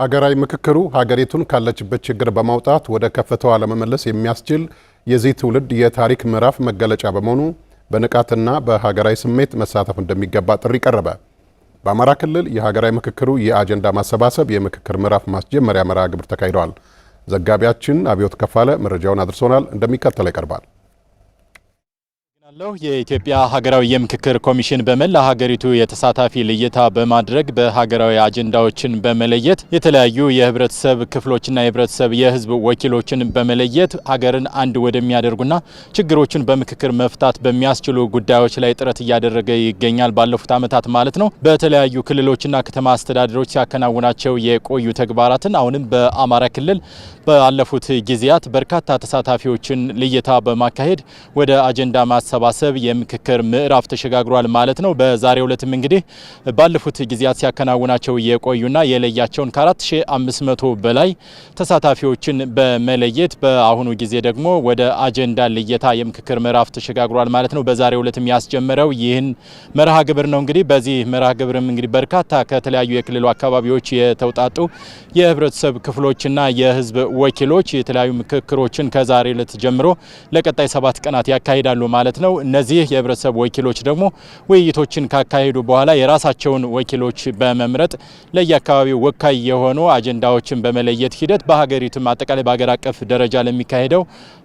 ሀገራዊ ምክክሩ ሀገሪቱን ካለችበት ችግር በማውጣት ወደ ከፍታዋ ለመመለስ የሚያስችል የዚህ ትውልድ የታሪክ ምዕራፍ መገለጫ በመሆኑ በንቃትና በሀገራዊ ስሜት መሳተፍ እንደሚገባ ጥሪ ቀረበ። በአማራ ክልል የሀገራዊ ምክክሩ የአጀንዳ ማሰባሰብ የምክክር ምዕራፍ ማስጀመሪያ መርሃ ግብር ተካሂደዋል። ዘጋቢያችን አብዮት ከፋለ መረጃውን አድርሶናል፣ እንደሚከተለው ይቀርባል። አመሰግናለሁ። የኢትዮጵያ ሀገራዊ የምክክር ኮሚሽን በመላ ሀገሪቱ የተሳታፊ ልየታ በማድረግ በሀገራዊ አጀንዳዎችን በመለየት የተለያዩ የህብረተሰብ ክፍሎችና የህብረተሰብ የህዝብ ወኪሎችን በመለየት ሀገርን አንድ ወደሚያደርጉና ችግሮችን በምክክር መፍታት በሚያስችሉ ጉዳዮች ላይ ጥረት እያደረገ ይገኛል። ባለፉት ዓመታት ማለት ነው። በተለያዩ ክልሎችና ከተማ አስተዳደሮች ሲያከናውናቸው የቆዩ ተግባራትን አሁንም በአማራ ክልል ባለፉት ጊዜያት በርካታ ተሳታፊዎችን ልየታ በማካሄድ ወደ አጀንዳ ማሰባ በማሰባሰብ የምክክር ምዕራፍ ተሸጋግሯል ማለት ነው። በዛሬው ዕለትም እንግዲህ ባለፉት ጊዜያት ሲያከናውናቸው የቆዩና የለያቸውን ከ4500 በላይ ተሳታፊዎችን በመለየት በአሁኑ ጊዜ ደግሞ ወደ አጀንዳ ልየታ የምክክር ምዕራፍ ተሸጋግሯል ማለት ነው። በዛሬው ዕለትም ያስጀመረው ይህን መርሃ ግብር ነው። እንግዲህ በዚህ መርሃ ግብርም እንግዲህ በርካታ ከተለያዩ የክልሉ አካባቢዎች የተውጣጡ የህብረተሰብ ክፍሎችና የህዝብ ወኪሎች የተለያዩ ምክክሮችን ከዛሬ ዕለት ጀምሮ ለቀጣይ ሰባት ቀናት ያካሂዳሉ ማለት ነው። እነዚህ የህብረተሰብ ወኪሎች ደግሞ ውይይቶችን ካካሄዱ በኋላ የራሳቸውን ወኪሎች በመምረጥ ለየአካባቢው ወካይ የሆኑ አጀንዳዎችን በመለየት ሂደት በሀገሪቱም አጠቃላይ በሀገር አቀፍ ደረጃ ለሚካሄደው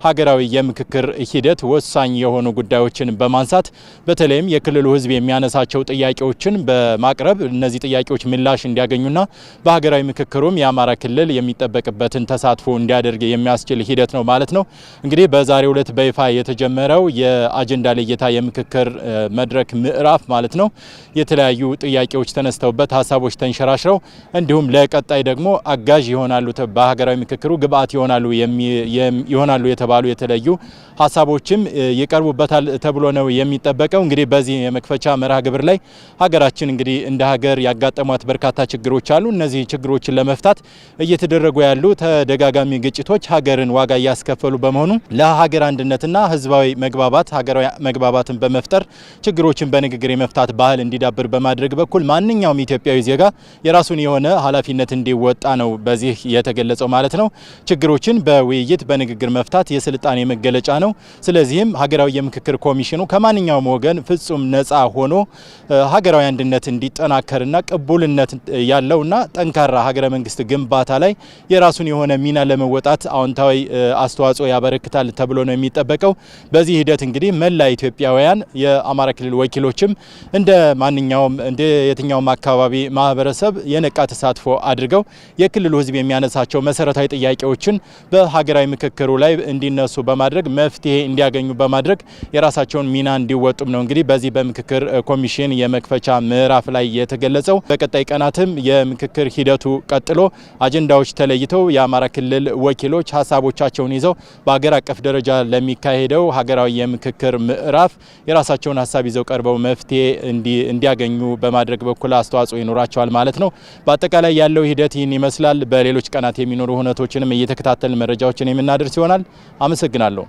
ሀገራዊ የምክክር ሂደት ወሳኝ የሆኑ ጉዳዮችን በማንሳት በተለይም የክልሉ ህዝብ የሚያነሳቸው ጥያቄዎችን በማቅረብ እነዚህ ጥያቄዎች ምላሽ እንዲያገኙና በሀገራዊ ምክክሩም የአማራ ክልል የሚጠበቅበትን ተሳትፎ እንዲያደርግ የሚያስችል ሂደት ነው ማለት ነው። እንግዲህ በዛሬው ዕለት በይፋ የተጀመረው የአጀንዳ የአጀንዳ ልየታ የምክክር መድረክ ምዕራፍ ማለት ነው የተለያዩ ጥያቄዎች ተነስተውበት ሀሳቦች ተንሸራሽረው እንዲሁም ለቀጣይ ደግሞ አጋዥ ይሆናሉ በሀገራዊ ምክክሩ ግብአት ይሆናሉ ይሆናሉ የተባሉ የተለዩ ሀሳቦችም ይቀርቡበታል ተብሎ ነው የሚጠበቀው። እንግዲህ በዚህ የመክፈቻ መርሃ ግብር ላይ ሀገራችን እንግዲህ እንደ ሀገር ያጋጠሟት በርካታ ችግሮች አሉ። እነዚህ ችግሮችን ለመፍታት እየተደረጉ ያሉ ተደጋጋሚ ግጭቶች ሀገርን ዋጋ እያስከፈሉ በመሆኑ ለሀገር አንድነትና ህዝባዊ መግባባት ሀገራዊ መግባባትን በመፍጠር ችግሮችን በንግግር የመፍታት ባህል እንዲዳብር በማድረግ በኩል ማንኛውም ኢትዮጵያዊ ዜጋ የራሱን የሆነ ኃላፊነት እንዲወጣ ነው በዚህ የተገለጸው ማለት ነው። ችግሮችን በውይይት በንግግር መፍታት የስልጣኔ መገለጫ ነው። ስለዚህም ሀገራዊ የምክክር ኮሚሽኑ ከማንኛውም ወገን ፍጹም ነጻ ሆኖ ሀገራዊ አንድነት እንዲጠናከርና ቅቡልነት ያለውና ጠንካራ ሀገረ መንግስት ግንባታ ላይ የራሱን የሆነ ሚና ለመወጣት አዎንታዊ አስተዋጽኦ ያበረክታል ተብሎ ነው የሚጠበቀው። በዚህ ሂደት እንግዲህ መላ ኢትዮጵያውያን የአማራ ክልል ወኪሎችም እንደ ማንኛውም እንደ የትኛውም አካባቢ ማህበረሰብ የነቃ ተሳትፎ አድርገው የክልሉ ህዝብ የሚያነሳቸው መሰረታዊ ጥያቄዎችን በሀገራዊ ምክክሩ ላይ እንዲነሱ በማድረግ መፍትሄ እንዲያገኙ በማድረግ የራሳቸውን ሚና እንዲወጡም ነው እንግዲህ በዚህ በምክክር ኮሚሽን የመክፈቻ ምዕራፍ ላይ የተገለጸው። በቀጣይ ቀናትም የምክክር ሂደቱ ቀጥሎ አጀንዳዎች ተለይተው የአማራ ክልል ወኪሎች ሀሳቦቻቸውን ይዘው በሀገር አቀፍ ደረጃ ለሚካሄደው ሀገራዊ የምክክር ምዕራፍ የራሳቸውን ሀሳብ ይዘው ቀርበው መፍትሄ እንዲያገኙ በማድረግ በኩል አስተዋጽኦ ይኖራቸዋል ማለት ነው። በአጠቃላይ ያለው ሂደት ይህን ይመስላል። በሌሎች ቀናት የሚኖሩ ሁነቶችንም እየተከታተልን መረጃዎችን የምናደርስ ይሆናል። አመሰግናለሁ።